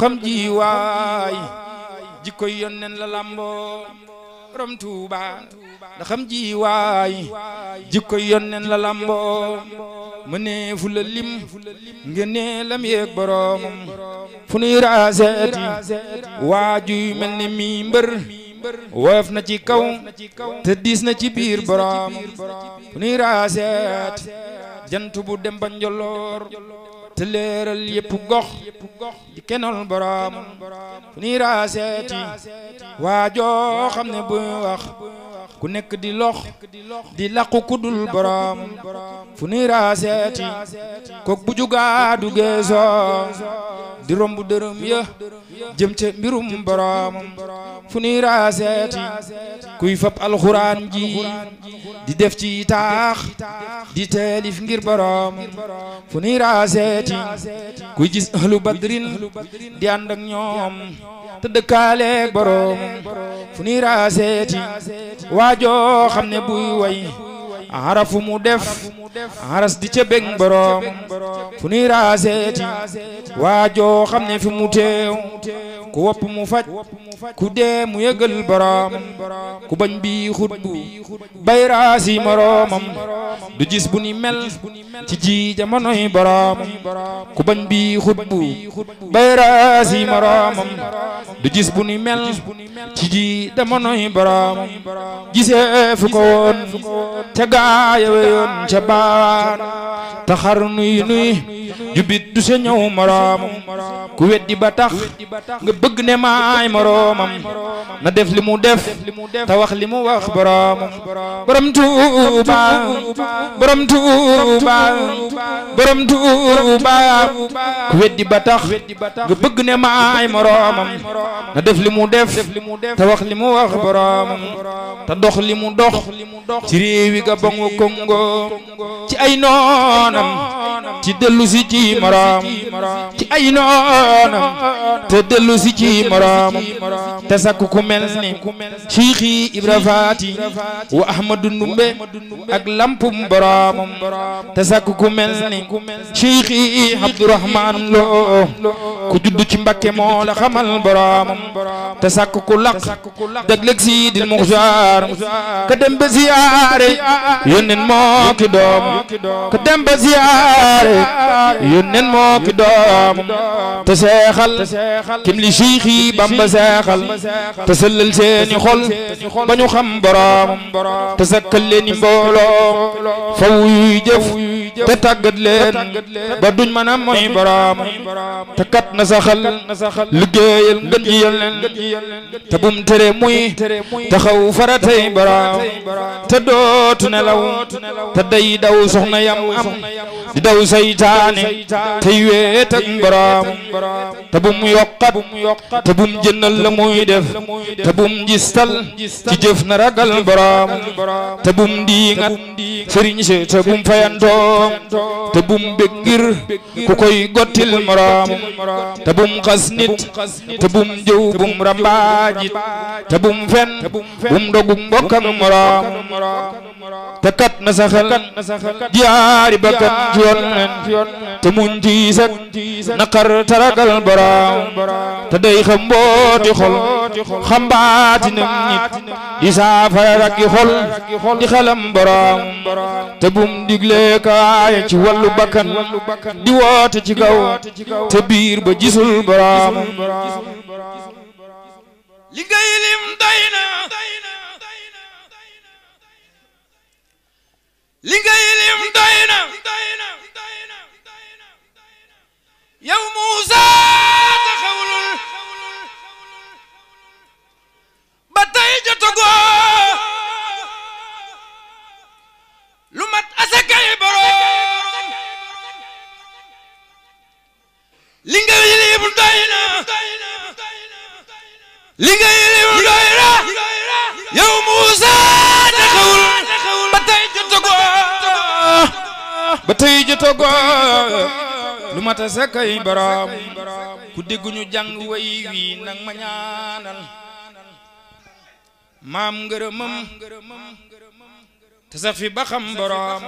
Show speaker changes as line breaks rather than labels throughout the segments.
xam ji waay jikkoy yónneen la lamboo borom ji waay jikkoy yónneen la lamboo mënee fu la lim ngënee lam yeeg boromam fu nuy raaseeti waajuy mel ni mi mbër ci kaw te diis na ci biir boromam fu nuy raaseet bu dem ba njolloor te leeral yëpp gox di kenal borom fu ni raaseeti waajoo xam ne buy wax ku nekk di lox di laqu ku dul fu ni raaseeti kook bu jugaa du di romb dërëm ya jëm ca mbirum boroomam fu nuy raaseeti kuy fab alxuraan ji di def ci taax di teelif ngir boroom fu nuy raaseeti kuy gis ahlu badrin di ànd ak ñoom te dëkkaaleeg boroomam fu nuy raaseeti waajoo xam ne buy way a arafu mu def aras di ca bég boroom fu nuy raaseeti waajoo xam ne fi mu teew ku wopp mu faj ku dee mu yëgal boroomam ku bañ bi xut bu bayraas du gis bu ni mel ci ji jamonoy boroomam ku bañ bi xut bu bayraas yi moroomam du gis bu ni mel ci ji jamonoy boroomam gisee fu ko woon ca gaaya weyoon ca baawaan taxar nuy nuy jubit du sa ñëw moroomam ku weddi ba tax nga bëgg ne maay moroomam na def li mu def te wax li mu wax boroomam borom tuuba borom tuuba borom tuuba ku weddi ba tax bëgg ne maay moroomam na li mu def te wax li mu wax dox li mu dox ci réewi Gabon Congo ci ay noonam ci dellu ci ci moroom ci ay noonam te dellu si ci moroom te sakku ku mel ni Cheikhi Ibra Faati wa Ahmadu Ndumbe ak lampum boroomam te sakku ku mel ni Cheikhi Abdourahman Lo ku judd ci mbakke moo la xamal boroomam te sàkk ku laq dégleg siidil muxtaar ka dem ba ziyaare yónneen moo ki doomam ka dem ba ziyaare yónneen moo ki doomam te seexal kim li siixi bamba seexal te sëllal seeni xol ba ñu xam boroomam te sakkal leeni mbooloo fa wuy jëf te tàggat leen ba duñ mën a mooy boroomam te kat na na saxal liggéeyal ngën ji yoneen te bum tere muy taxaw faratay baraam ta dootu nelaw te day daw soxna yam am di daw saytaane tey weet ak baraam te bum yokkat te bum jëndal la muy def te bum gistal ci jëf na ragal baraam te bum diingat sëriñ si te bum fayantoom te bum bëggir ku koy gottil maraam te bum xas nit te bum jëw bum rambaajit te bum fen bum dogum mbokkam moroom te kat na saxal jaari bakkan ci yoon te muñ ci sak naqar taragal boroom te day xam mbooti xol xam baatinam nit di saafara rakki xol di xalam borom te bum digle kaaya ci wàllu bakkan di woote ci kaw te biir ba gisul borom li ngay liw doy na yow Moussa ba tey jotagoo ba tey lu mat a sakkay boroom ku dégg ñu jàng way wi ma ñaanal maam ngërëmam te sax ba xam boroom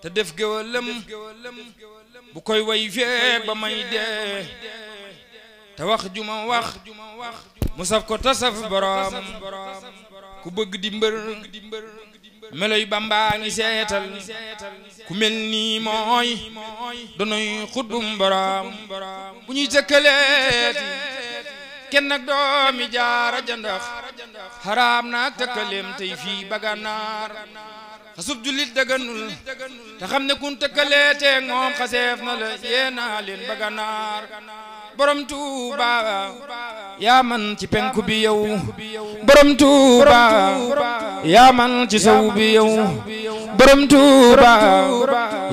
te def géwalam bu koy way feeg ba may dee te wax ju ma wax mu saf ko tasaf borom ku bëgg di mbër meloy bambaa seetal ku mel nii mooy donoy xutbum borom bu ñuy jëkkaleeti kenn nag doomi jaara jandax xaraam naag tëkkaleem tey fii baganaar xasub jullit daganul te xam ne kun tëkkaleetee moom xaseef na la yee naa leen baganaar borom tuuba yaa man ci penku bi yow tuuba yaa ci sow bi yow borom tuuba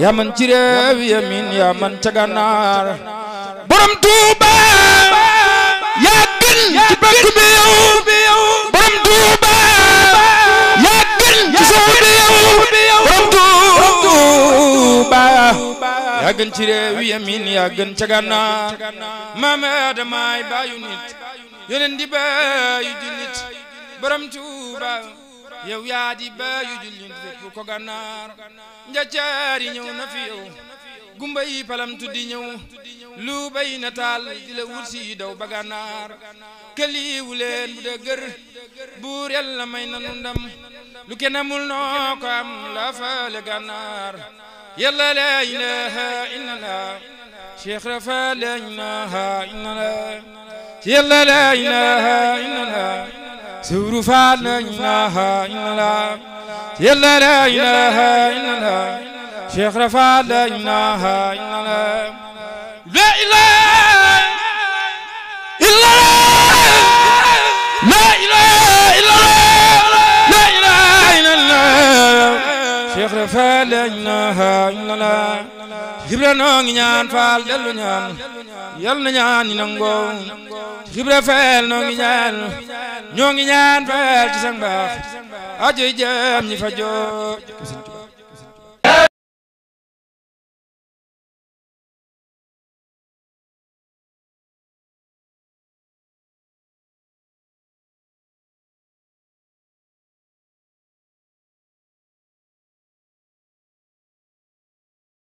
yaa man ci réew yamin yaa man ca gànnaar tuuba yaa gën ci penku bi gën ci réew yi amin nit yeneen di baayu jullit borom tuuba yow yaa di baayu jullit fépp ko gànnaar njaccaari ñëw na fi yow gumba yi palam tuddi ñëw lu bay nataal di la wut daw ba gànnaar këliiwu leen bu dëgër buur yàlla may nanu lu kenn amul noo ko am la faale gànnaar يلا لا إله إلا الله شيخ رفا لا إله إلا الله يلا لا إله إلا الله سورفا لا إله إلا الله يلا لا إله إلا الله شيخ رفا لا إله إلا الله لا إله faal la ilaha illallah Ibra noo ngi ñaan faal dellu ñaan yal na ñaan ñi nangoo Ibra faal noo ngi ñaan ñoo ngi ñaan faal ci sa mbaax ajoy jëm ñi fa joo